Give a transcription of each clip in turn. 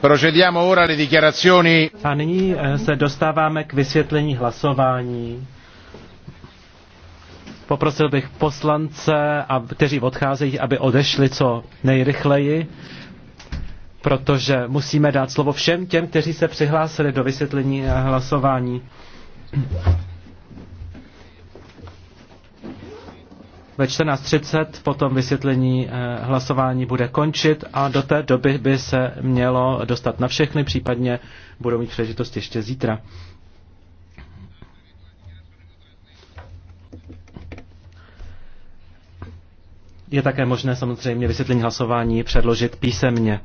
Procediamo ora alle dichiarazioni. A nyní eh, se dostáváme k vysvětlení hlasování. Poprosil bych poslance, kteří odcházejí, aby odešli co nejrychleji, protože musíme dát slovo všem těm, kteří se přihlásili do vysvětlení eh, hlasování. Ve 14.30 potom vysvětlení eh, hlasování bude končit a do té doby by se mělo dostat na všechny, případně budou mít přežitost ještě zítra. Je také možné samozřejmě vysvětlení hlasování předložit písemně.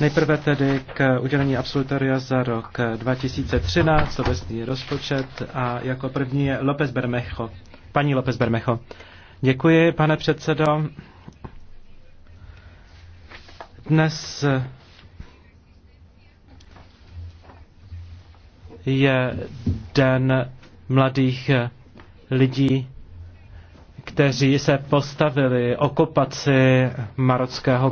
Nejprve tedy k udělení absolutoria za rok 2013, obecný rozpočet a jako první je López Bermecho. Paní López Bermecho. Děkuji, pane předsedo. Dnes je den mladých lidí, kteří se postavili okupaci marockého